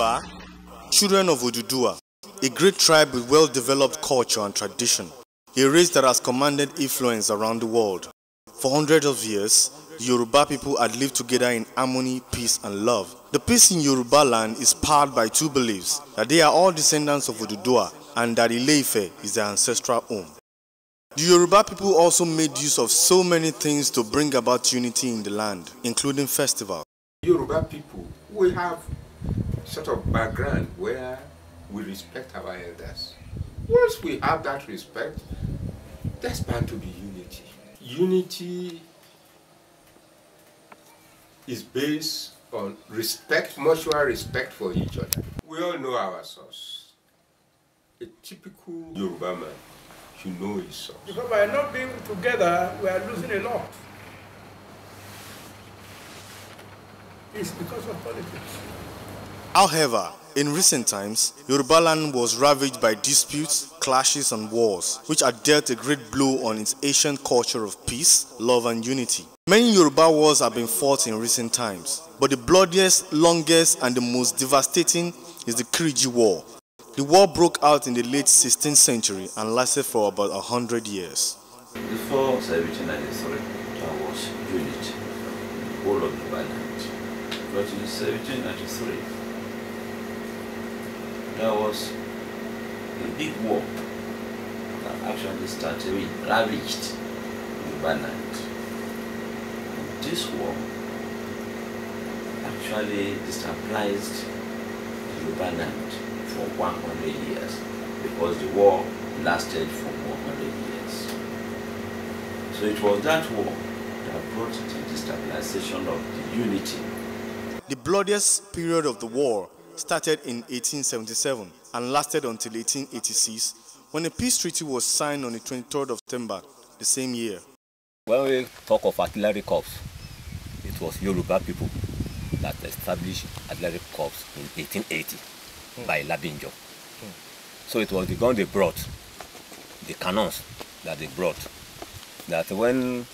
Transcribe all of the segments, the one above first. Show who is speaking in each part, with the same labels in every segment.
Speaker 1: Yoruba, children of Ududua, a great tribe with well-developed culture and tradition, a race that has commanded influence around the world. For hundreds of years, The Yoruba people had lived together in harmony, peace, and love. The peace in Yoruba land is powered by two beliefs, that they are all descendants of Odudua and that Ileife is their ancestral home. The Yoruba people also made use of so many things to bring about unity in the land, including festivals.
Speaker 2: Yoruba people, we have sort of background where we respect our elders. Once we have that respect, there's bound to be unity. Unity is based on respect, mutual respect for each other. We all know our source. A typical Yoruba man should know his source.
Speaker 3: Because by not being together, we are losing a lot. It's because of politics.
Speaker 1: However, in recent times, Yorubaland was ravaged by disputes, clashes and wars, which had dealt a great blow on its ancient culture of peace, love and unity. Many Yoruba wars have been fought in recent times, but the bloodiest, longest and the most devastating is the Kiriji War. The war broke out in the late 16th century and lasted for about 100 years.
Speaker 4: Before everything like was unity, all of the But in 1793, there was a big war that actually started with ravaged Banat. This war actually destabilized Yoruba for 100 years because the war lasted for 100 years.
Speaker 1: So it was that war that brought the destabilization of the unity. The bloodiest period of the war started in 1877 and lasted until 1886 when a peace treaty was signed on the 23rd of September the same year. When we talk of artillery corps,
Speaker 5: it was Yoruba people that established artillery corps in 1880
Speaker 3: mm. by Labinjo. Mm.
Speaker 5: So it was the gun they brought, the cannons that they brought, that when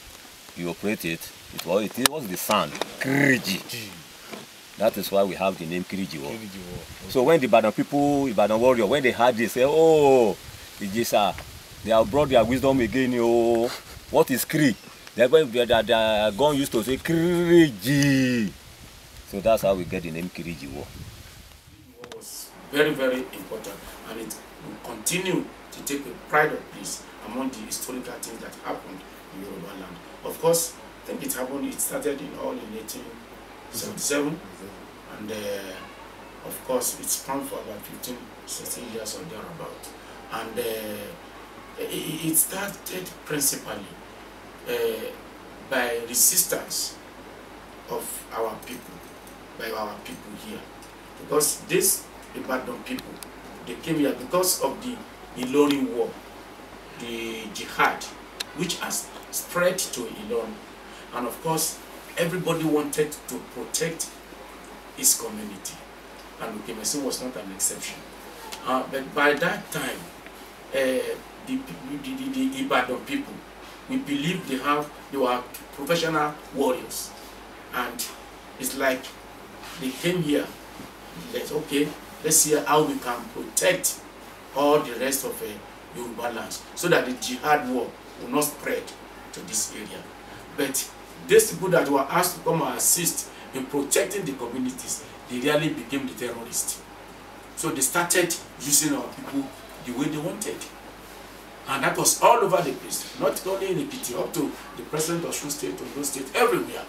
Speaker 5: you operate it, it was, it was the sound, kriji. That is why we have the name Kirijiwo. Kirijiwo. Okay. So when the Ibadan people, Ibadan warrior, when they heard this, say, oh, Ijesa, they have brought their wisdom again. Oh, what is Kiri? They, they, they, they are going used to say Kiriji. So that's how we get the name Kirijiwo.
Speaker 6: It was very, very important and it will continue to take a pride of place among the historical things that happened in Yoruba land. Of course, I think it happened, it started in all in 18 77. And uh, of course, it's pumped for about 15, 16 years or thereabout. And uh, it started principally uh, by resistance of our people, by our people here. Because these Ibadan people, they came here because of the Ilorin war, the jihad, which has spread to Ilorin. And of course, Everybody wanted to protect his community. And Ukemesi was not an exception. Uh, but by that time, uh, the, the, the, the Ibadan people, we believe they have they were professional warriors. And it's like they came here, let's okay, let's see how we can protect all the rest of the uh, Yoruba lands so that the jihad war will not spread to this area. But these people that were asked to come and assist in protecting the communities, they really became the terrorists. So they started using our people the way they wanted. And that was all over the place, not only in Ipiti, up to the president of Shun State, Ondo State, everywhere.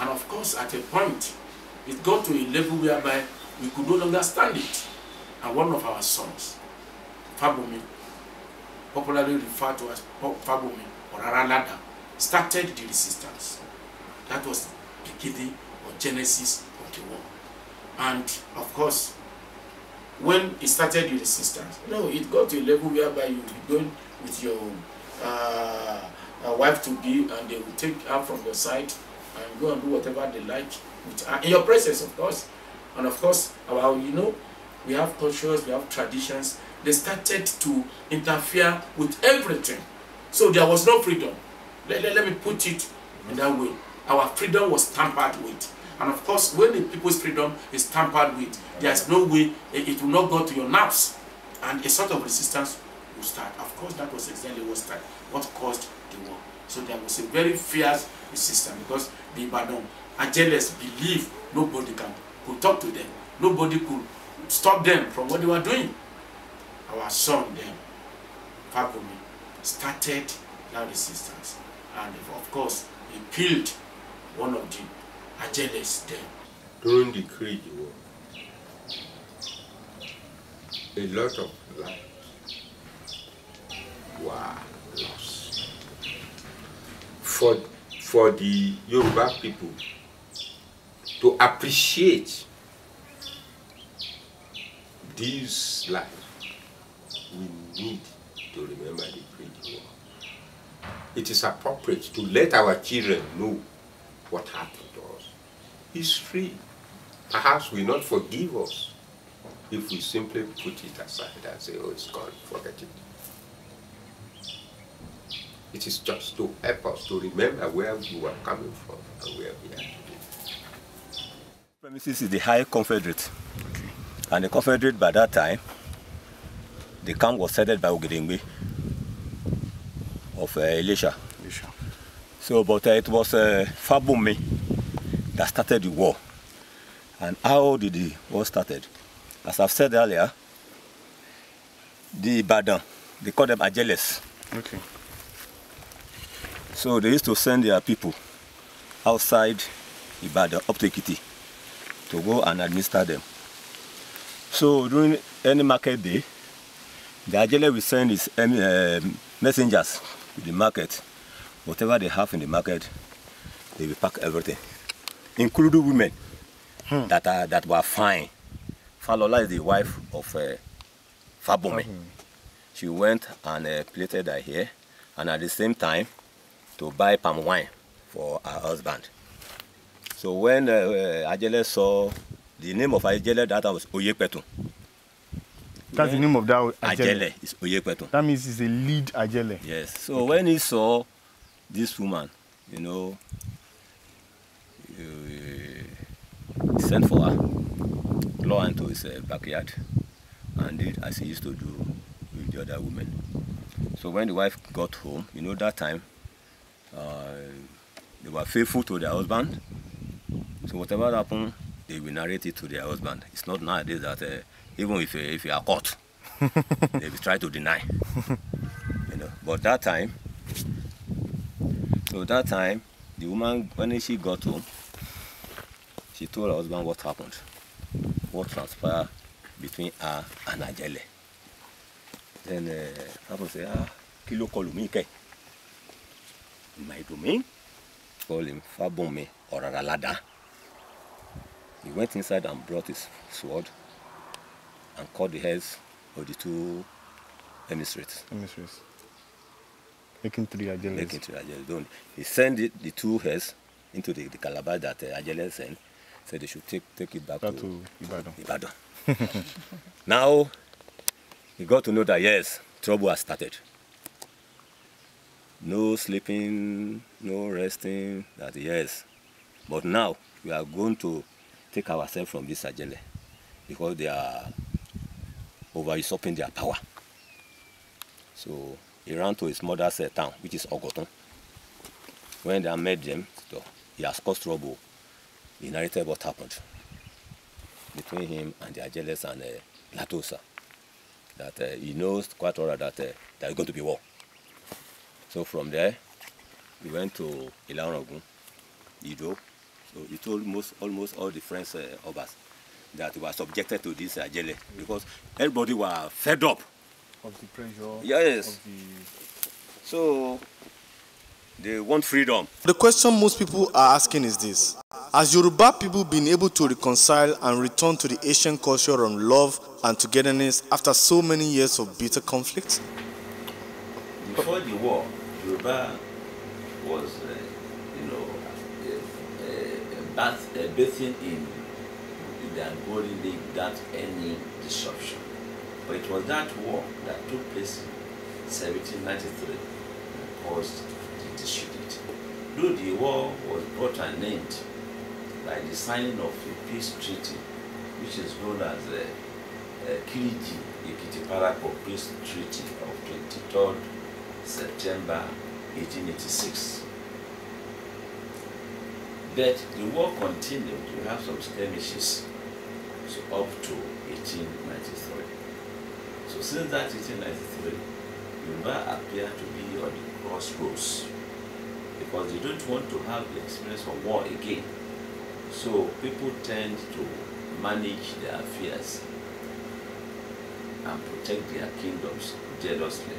Speaker 6: And of course, at a point, it got to a level whereby we could no longer stand it. And one of our sons, Fabomi, popularly referred to as Fabomi or Aralada, started the resistance. That was beginning or genesis of the war. And of course, when it started with resistance, you no, know, it got to a level whereby you will going with your uh, uh, wife to be, and they will take her from your side and go and do whatever they like with her in your presence, of course. And of course, our you know, we have cultures, we have traditions. They started to interfere with everything, so there was no freedom. Let, let, let me put it in that way our freedom was tampered with. And of course, when the people's freedom is tampered with, there is no way it will not go to your nerves. And a sort of resistance will start. Of course, that was exactly what started, what caused the war. So there was a very fierce resistance because the Ibadan Ajeles believe nobody can, could talk to them. Nobody could stop them from what they were doing. Our son then, Fabumi, started that resistance. And of course, he killed one of the ajeles then.
Speaker 2: During the Creed War, a lot of lives were lost. For, for the Yoruba people to appreciate this life, we need to remember the Creed War. It is appropriate to let our children know what happened to us. History perhaps will not forgive us if we simply put it aside and say, oh, it's gone, forget it. It is just to help us to remember where we were coming from and where we are today.
Speaker 5: Premises is the High Confederate. Okay. And the Confederate by that time, the camp was headed by Ogedengbe of uh, Elisha. Elisha. So, but uh, it was uh, Fabumi that started the war. And how did the war started? As I've said earlier, the Badan, they call them Ajeles. Okay. So they used to send their people outside Ibadan up to Ikiti to go and administer them. So during any market day, the Ajele will send his um, messengers to the market whatever they have in the market, they will pack everything, including women hmm. that are that were fine. Falola is the wife of uh, Fabome. Mm-hmm. She went and uh, plated her hair, and at the same time, to buy palm wine for her husband. So when uh, uh, Ajele saw the name of Ajele, that was Oyepetun.
Speaker 1: That's when the name of that Ajele. Ajele is Oyepetun. That means he's a lead Ajele. Yes.
Speaker 5: So okay. when he saw this woman, you know, uh, sent for her, law into his uh, backyard, and did as he used to do with the other women. So when the wife got home, you know, that time, uh, they were faithful to their husband. So whatever happened, they will narrate it to their husband. It's not nowadays that uh, even if, uh, if you are caught,
Speaker 3: they
Speaker 5: will try to deny. you know, but that time, So that time, the woman, when she got home, she told her husband what happened, what transpired between her and Ajele. Then uh, eh, husband said, ah, kí ló kọlù mí kẹ́? Maidomi called him Fábùnmi Ọ̀ràràládá. He went inside and brought his sword and cut the heads of the two emissaries. Emissaries. Making three ajeles. Making three ajeles. Don't. He sent the two heads into the, the calabash that uh, Ajele sent. Said they should take take it back to, to Ibadan. Ibadan. now he got to know that yes, trouble has started. No sleeping, no resting. That yes, but now we are going to take ourselves from this Ajele because they are over usurping their power. So he ran to his mother's uh, town, which is Ogoton. When they met them, so he has caused trouble. He narrated what happened between him and the Ajeles and uh, Latosa. That uh, he knows quite well that uh, there is going to be war. So from there, he went to Ilarogun, Ido. So he told most, almost all the friends uh, of us that were subjected to this Ajele because everybody was fed up of the pressure. Yes. The so they want freedom.
Speaker 1: The question most people are asking is this. Has Yoruba people been able to reconcile and return to the Asian culture on love and togetherness after so many years of bitter conflict?
Speaker 4: Before the war, Yoruba was, uh, you know, a, uh, bathing in, the Angolan League without any disruption. But it was that war that took place in 1793 that caused the disunity. Though the war was brought an end by the signing of a peace treaty, which is known as the uh, uh, Kiriji Ikitiparako Peace Treaty of 23rd September 1886. But the war continued. We have some skirmishes so up to 1893. So since that 1893, Yoruba appear to be on the crossroads because they don't want to have the experience of war again. So people tend to manage their fears
Speaker 1: and protect their kingdoms jealously.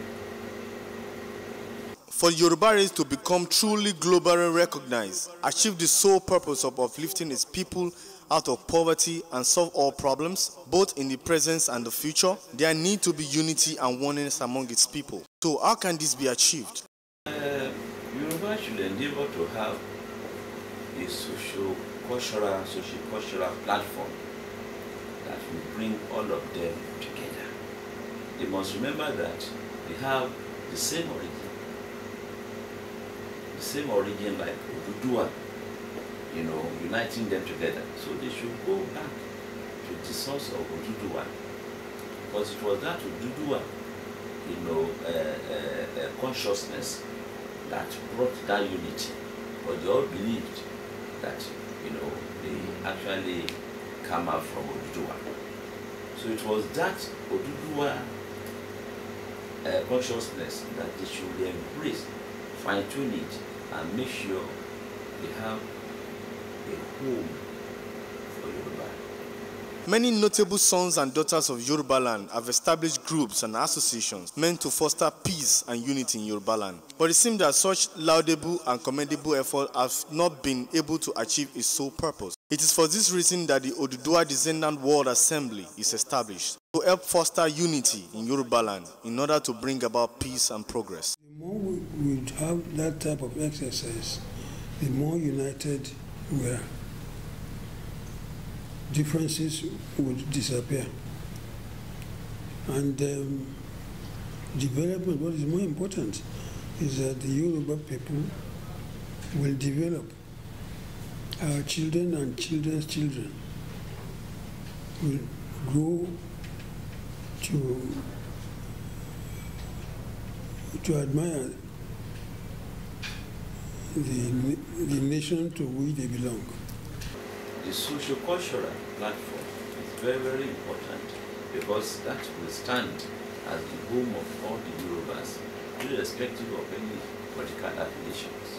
Speaker 1: For Yorubaris to become truly globally recognized, achieve the sole purpose of uplifting its people out of poverty and solve all problems, both in the present and the future, there need to be unity and oneness among its people. So how can this be achieved?
Speaker 4: Uh, Yoruba should endeavor to have a social, cultural social, cultural platform that will bring all of them together. They must remember that they have the same origin, the same origin like Oduduwa you know, uniting them together. So they should go back to the source of Oduduwa. Because it was that Oduduwa, you know, uh, uh, uh, consciousness that brought that unity. But they all believed that, you know, they actually come out from Oduduwa. So it was that Oduduwa uh, consciousness that they should embrace,
Speaker 1: fine-tune it, and make sure they have home for Yoruba. Many notable sons and daughters of land have established groups and associations meant to foster peace and unity in land. But it seems that such laudable and commendable efforts have not been able to achieve its sole purpose. It is for this reason that the Oduduwa Descendant World Assembly is established to help foster unity in land in order to bring about peace and progress. The
Speaker 7: more we, we have that type of exercise, the more united we are differences would disappear. And um, development, what is more important, is that the Yoruba people will develop. Our children and children's children will grow to, to admire the, the nation to which they belong
Speaker 4: the sociocultural cultural platform is very, very important because that will stand as the home of all the Yorubas, irrespective of any political
Speaker 1: affiliations.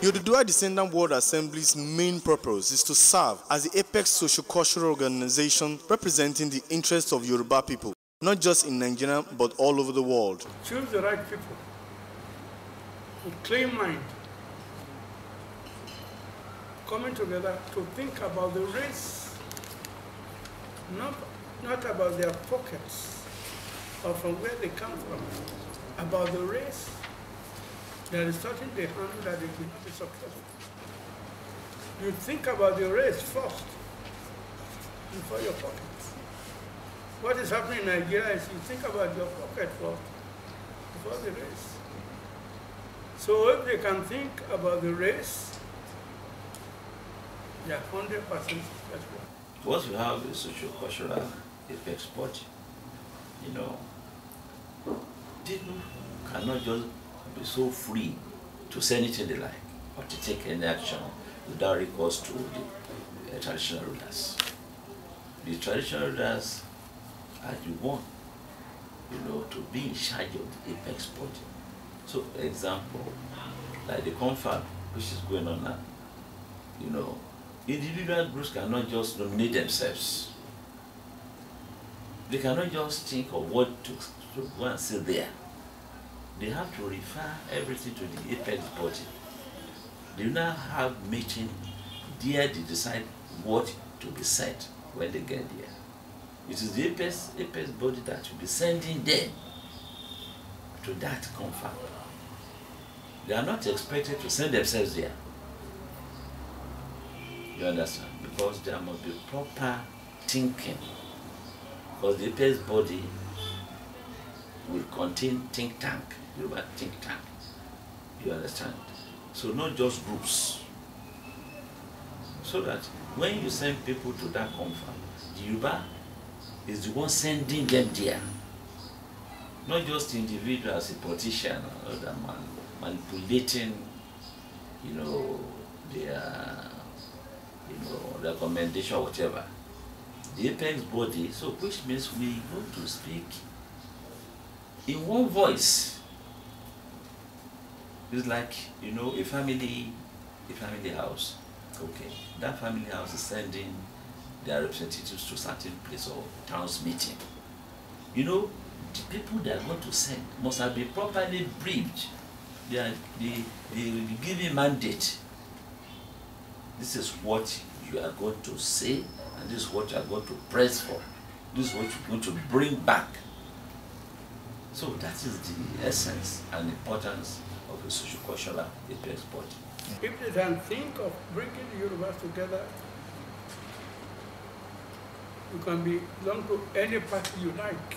Speaker 1: Yoruba Descendant World Assembly's main purpose is to serve as the apex sociocultural cultural organization representing the interests of Yoruba people, not just in Nigeria but all over the world.
Speaker 3: Choose the right people, with clean mind, coming together to think about the race, not, not about their pockets or from where they come from, about the race. There is something they hand that they will not be successful. You think about the race first before your pockets. What is happening in Nigeria is you think about your pocket first before the race. So if they can think about the race, yeah, 100% export.
Speaker 4: What we have is social cultural export. You know, people cannot just be so free to say anything they like or to take any action without recourse to the uh, traditional rulers. The traditional rulers are the one, you know, to be in charge of the apex body. So, example, like the confab, which is going on now, you know, individual groups cannot just nominate themselves. They cannot just think of what to, to go and say there. They have to refer everything to the apex body. They now have meeting there they decide what to be said when they get there. It is the apex, apex body that will be sending them to that conference. They are not expected to send themselves there. You understand? Because there must be proper thinking. Because the APS body will contain think tank, Yoruba think tank. You understand? So not just groups. So that when you send people to that conference, the Yoruba is the one sending them there. Not just individuals, a politician or other man manipulating, you know, their recommendation or whatever. The apex body, so which means we go to speak in one voice. It's like, you know, a family, a family house. Okay, that family house is sending their representatives to certain place or town's meeting. You know, the people they are going to send must have been properly briefed. They are the, the, the given mandate this is what you are going to say, and this is what you are going to press for. This is what you're going to bring back. So that is the essence and importance of a social cultural APS body.
Speaker 3: If they can think of bringing the universe together, you can belong to any party you like.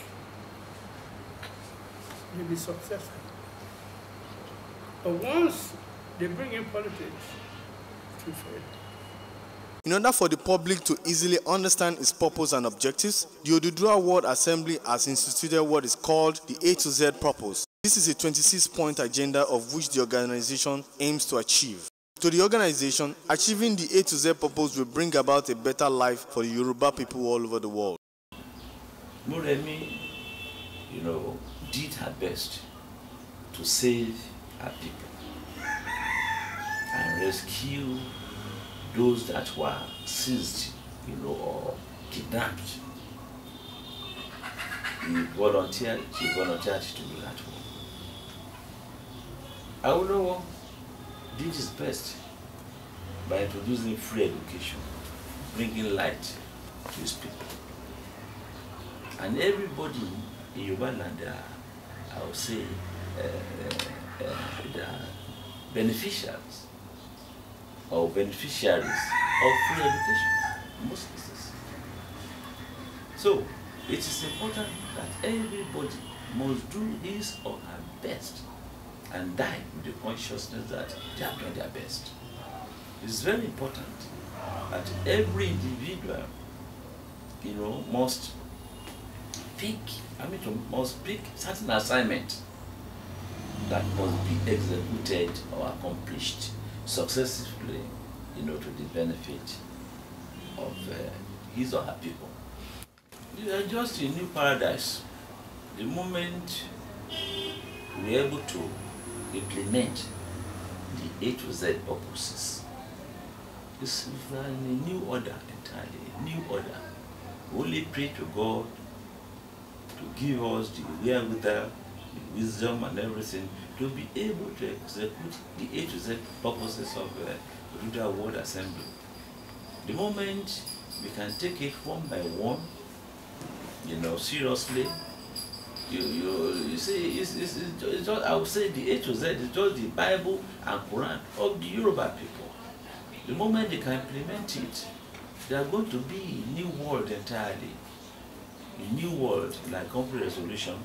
Speaker 3: You'll be successful. But once they bring in politics,
Speaker 1: in order for the public to easily understand its purpose and objectives, the Odudua World Assembly has instituted what is called the A to Z purpose. This is a 26-point agenda of which the organization aims to achieve. To the organization, achieving the A to Z purpose will bring about a better life for the Yoruba people all over the world.
Speaker 4: Muremi,
Speaker 1: you know, did her best to save her people
Speaker 4: and rescue those that were seized, you know, or kidnapped. He volunteered, she volunteered to do that work. I would know this is best by introducing free education, bringing light to his people. And everybody in Uganda, I would say, uh, uh, the beneficiaries or beneficiaries of free education, most cases. So, it is important that everybody must do his or her best and die with the consciousness that they have done their best. It's very important that every individual, you know, must pick, I mean, must pick certain assignment that must be executed or accomplished successively, you know, to the benefit of uh, his or her people. You are just in new paradise. The moment we are able to implement the A to Z purposes, it's a new order entirely, a new order. Only pray to God to give us the wherewithal, the wisdom and everything You'll be able to execute the A to Z purposes of the Ruda World Assembly. The moment we can take it one by one, you know, seriously, you, you, you see, it's, it's, it's just, I would say the A to Z is just the Bible and Quran of the Yoruba people. The moment they can implement it, they are going to be a new world entirely. A new world, like complete resolution,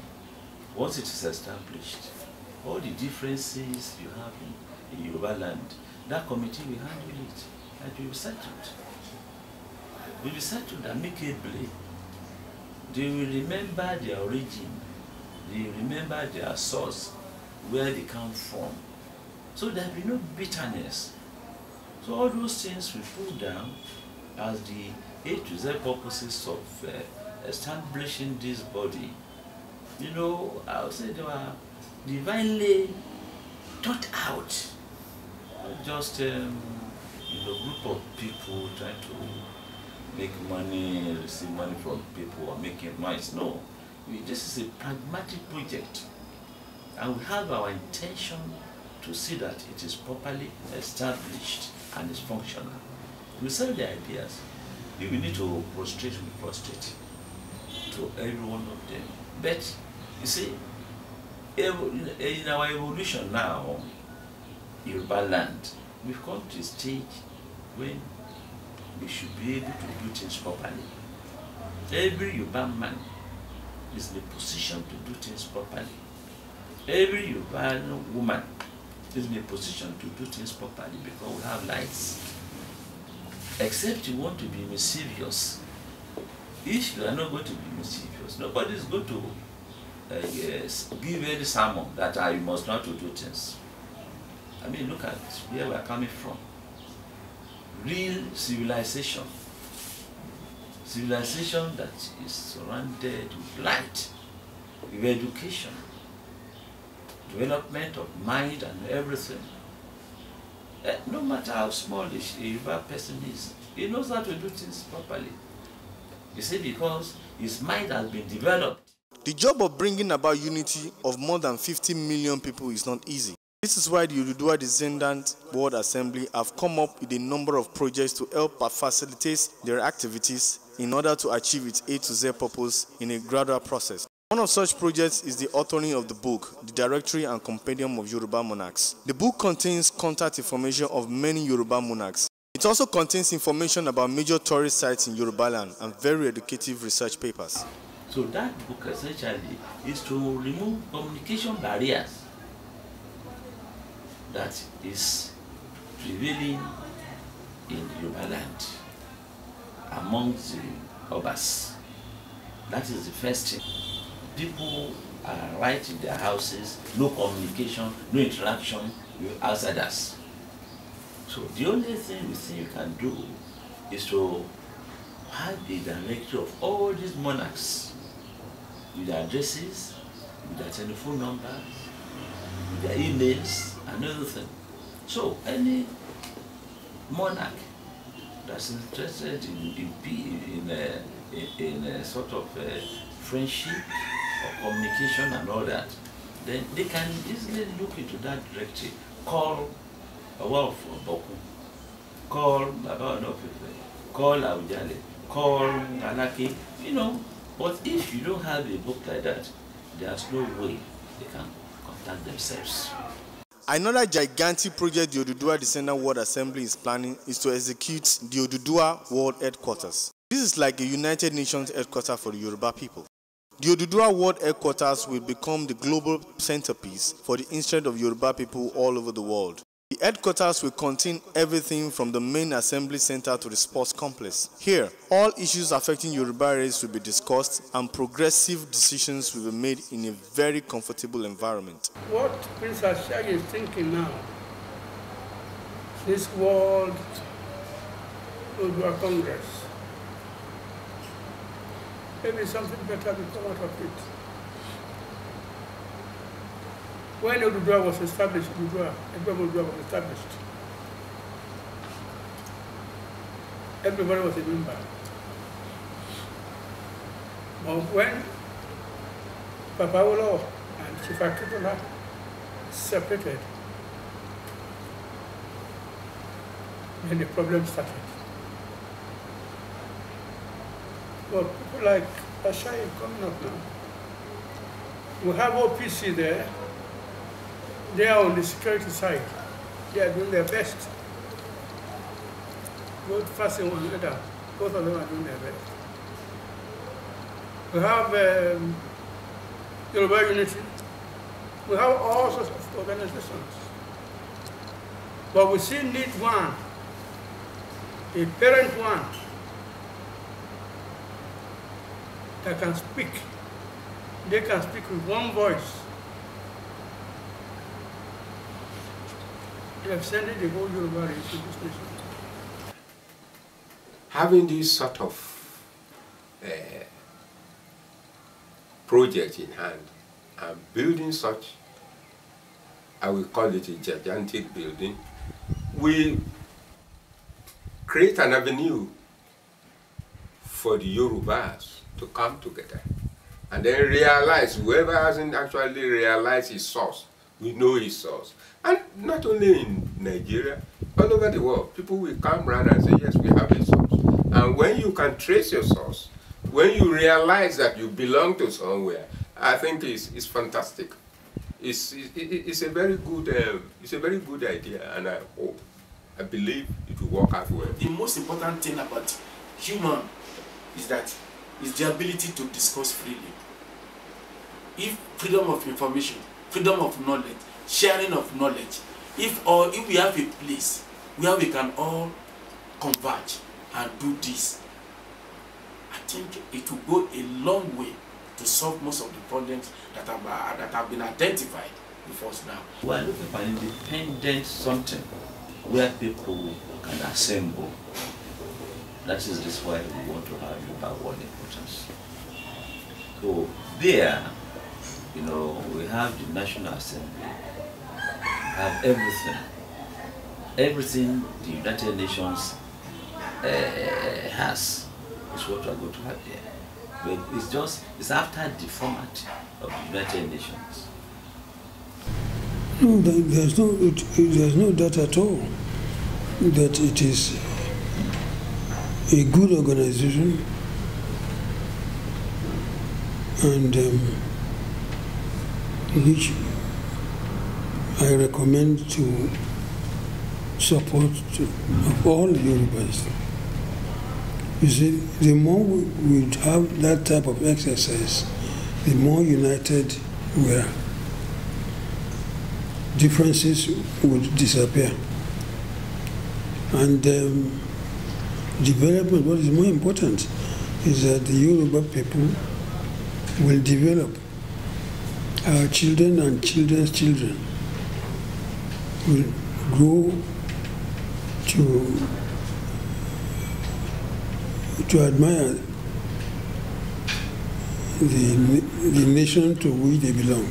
Speaker 4: once it is established all the differences you have in, in Yoruba land, that committee will handle it and we will settle it. We will settle it amicably. They will remember their origin. They will remember their source, where they come from. So there will be no bitterness. So all those things we put down as the A to Z purposes of uh, establishing this body. You know, I would say there are divinely thought out. Just um, you know, group of people trying to make money, receive money from people or making money. No, this is a pragmatic project. And we have our intention to see that it is properly established and is functional. We sell the ideas. If we need to prostrate, we prostrate to every one of them. But, you see, in our evolution now, Yoruba land, we've come to a stage when we should be able to do things properly. Every Yoruba man is in a position to do things properly. Every Yoruba woman is in a position to do things properly because we have lights. Except you want to be mischievous. If you are not going to be mischievous, nobody is going to uh, yes, given someone sermon that I must not to do things. I mean, look at where we are coming from. Real civilization. Civilization that is surrounded with light, with education, development of mind and everything. Uh, no matter how small a person is, he knows how to do things properly. You see, because his mind has been developed
Speaker 1: the job of bringing about unity of more than 50 million people is not easy. This is why the Urudua Descendant Board Assembly have come up with a number of projects to help facilitate their activities in order to achieve its A to Z purpose in a gradual process. One of such projects is the authoring of the book, The Directory and Compendium of Yoruba Monarchs. The book contains contact information of many Yoruba monarchs. It also contains information about major tourist sites in Yorubaland and very educative research papers.
Speaker 4: So that book essentially is to remove communication barriers that is prevailing in Yoruba land among the Obas. That is the first thing. People are right in their houses, no communication, no interaction with outsiders. So the only thing we think you can do is to have the directory of all these monarchs with their addresses, with their telephone numbers, with their emails, and everything. So any monarch that's interested in in, in, uh, in, in a sort of uh, friendship or communication and all that, then they can easily look into that directory. Call Awa of Boku, call Baba Onopepe, call Aujale. call Galaki. you know, But if you don't have a book like that, there's no way they can contact themselves.
Speaker 1: Another gigantic project the Odudua Descendant World Assembly is planning is to execute the Odudua World Headquarters. This is like a United Nations headquarters for the Yoruba people. The Odudua World Headquarters will become the global centerpiece for the interest of Yoruba people all over the world. The headquarters will contain everything from the main assembly center to the sports complex. Here, all issues affecting Yoruba race will be discussed and progressive decisions will be made in a very comfortable environment.
Speaker 3: What Prince Ashag is thinking now, this World Yoruba Congress, maybe something better will come out of it. when Oduduwa was established, Oduduwa, Egbebo Oduduwa was established, everybody was a member. But when Papa Olo and Chief Akitola separated, then the problem started. Well, people like Ashai coming up now. We have OPC there, they are on the security side. They are doing their best. Both facing one another. Both of them are doing their best. We have um, Yoruba unity. We have all sorts of organizations. But we still need one, a parent one, that can speak. They can speak with one voice to extend it, you go your institution.
Speaker 2: Having this sort of uh, project in hand and building such, I will call it a gigantic building, we create an avenue for the Yorubas to come together and then realize whoever hasn't actually realized his source, we know his source. And not only in Nigeria, all over the world, people will come around and say, yes, we have a source. And when you can trace your source, when you realize that you belong to somewhere, I think it's, it's fantastic. It's, it, it's a very good um, it's a very good
Speaker 6: idea, and I hope, I believe it will work out well. The most important thing about human is that is the ability to discuss freely. If freedom of information, freedom of knowledge, sharing of knowledge. If or if we have a place where we can all converge and do this, I think it will go a long way to solve most of the problems that have, uh, that have been identified before now.
Speaker 4: We are looking for an independent something where people can assemble. That is this why we want to have Yoruba World Importance. So there, you know, we have the National Assembly, have everything. Everything the United Nations uh, has is what we are going to have here. But it's just, it's after the format of the United Nations.
Speaker 7: No, there's no, it, there's no doubt at all that it is a good organization and um, which I recommend to support to, of all Yorubas. You see, the more we, we have that type of exercise, the more united we are. Differences would disappear. And um, development, what is more important, is that the Yoruba people will develop our children and children's children will grow to to admire the, the nation to which they belong.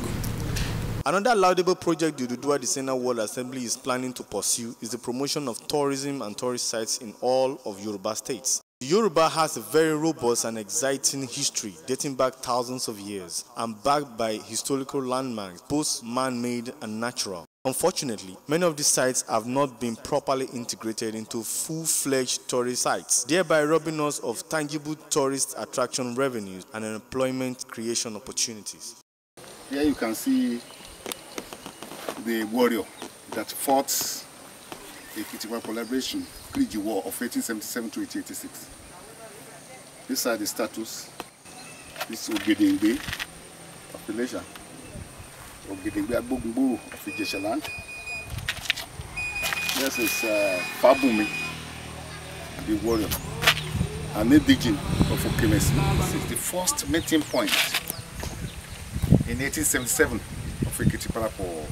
Speaker 1: Another laudable project the Dudua Disena World Assembly is planning to pursue is the promotion of tourism and tourist sites in all of Yoruba states. Yoruba has a very robust and exciting history dating back thousands of years and backed by historical landmarks, both man-made and natural. Unfortunately, many of these sites have not been properly integrated into full-fledged tourist sites, thereby robbing us of tangible tourist attraction revenues and employment creation opportunities.
Speaker 8: Here you can see the warrior that fought the Kitiwa collaboration, Kriji War of 1877 to 1886. These are the status. This would be the population. Ogedengbe Agbogungboro of Ijesha land. This is uh, Fabumi, the warrior, an indigene of Okemesi. This is the first meeting point in 1877 of Ekiti Parapo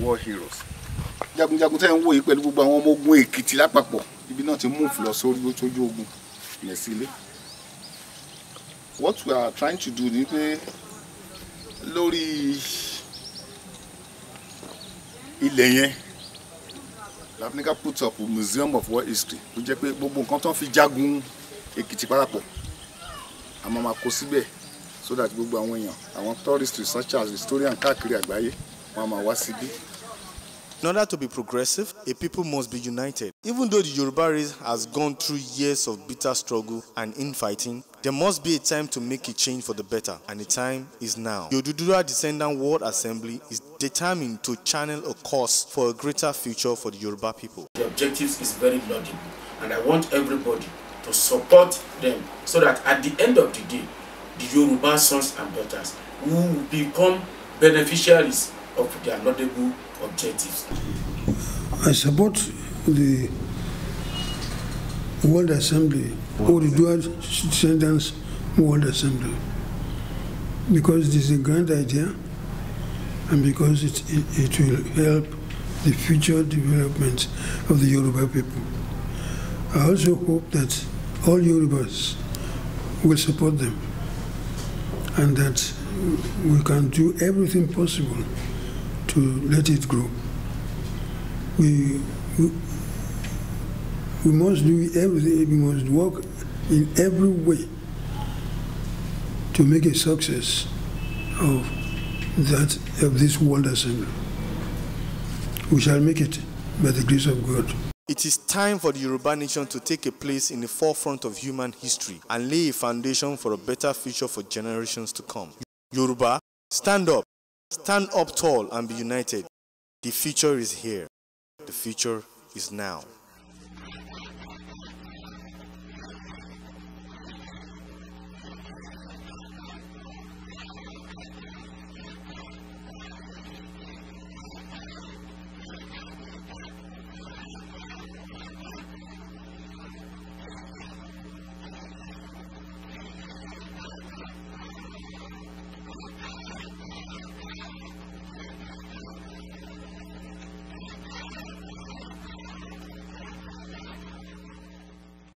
Speaker 8: war heroes. Jagunjagun tẹ́ ń wò pẹ̀lú gbogbo àwọn ọmọ ogun Èkìtì lápapọ̀ ibi náà ti mú ìfìlọ sórí ojú ogun yẹn sí What we are trying to do ni pé lórí ilẹ̀ yẹn la fi ní put up museum of world history tó jẹ́ pé gbogbo nǹkan tó ń fi jagun èkìtì parapọ̀ a máa ma kó síbẹ̀ so that gbogbo àwọn
Speaker 1: èèyàn àwọn tourist researchers
Speaker 8: historian káàkiri àgbáyé wọn a máa wá síbí.
Speaker 1: In order to be progressive, a people must be united. Even though the Yoruba race has gone through years of bitter struggle and infighting, there must be a time to make a change for the better, and the time is now. The Odudura Descendant World Assembly is determined to channel a course for a greater future for the Yoruba people. The
Speaker 6: objectives is very laudable, and I want everybody to support them so that at the end of the day, the Yoruba sons and daughters will become beneficiaries of their laudable objectives?
Speaker 7: I support the World Assembly or the dual sentence World Assembly because it is a grand idea and because it, it, it will help the future development of the Yoruba people. I also hope that all Yorubas will support them and that we can do everything possible to let it grow. We, we, we must do everything, we must work in every way to make a success of that of this world assembly. We shall make it by the grace of God.
Speaker 1: It is time for the Yoruba nation to take a place in the forefront of human history and lay a foundation for a better future for generations to come. Yoruba, stand up. Stand up tall and be united. The future is here. The future is now.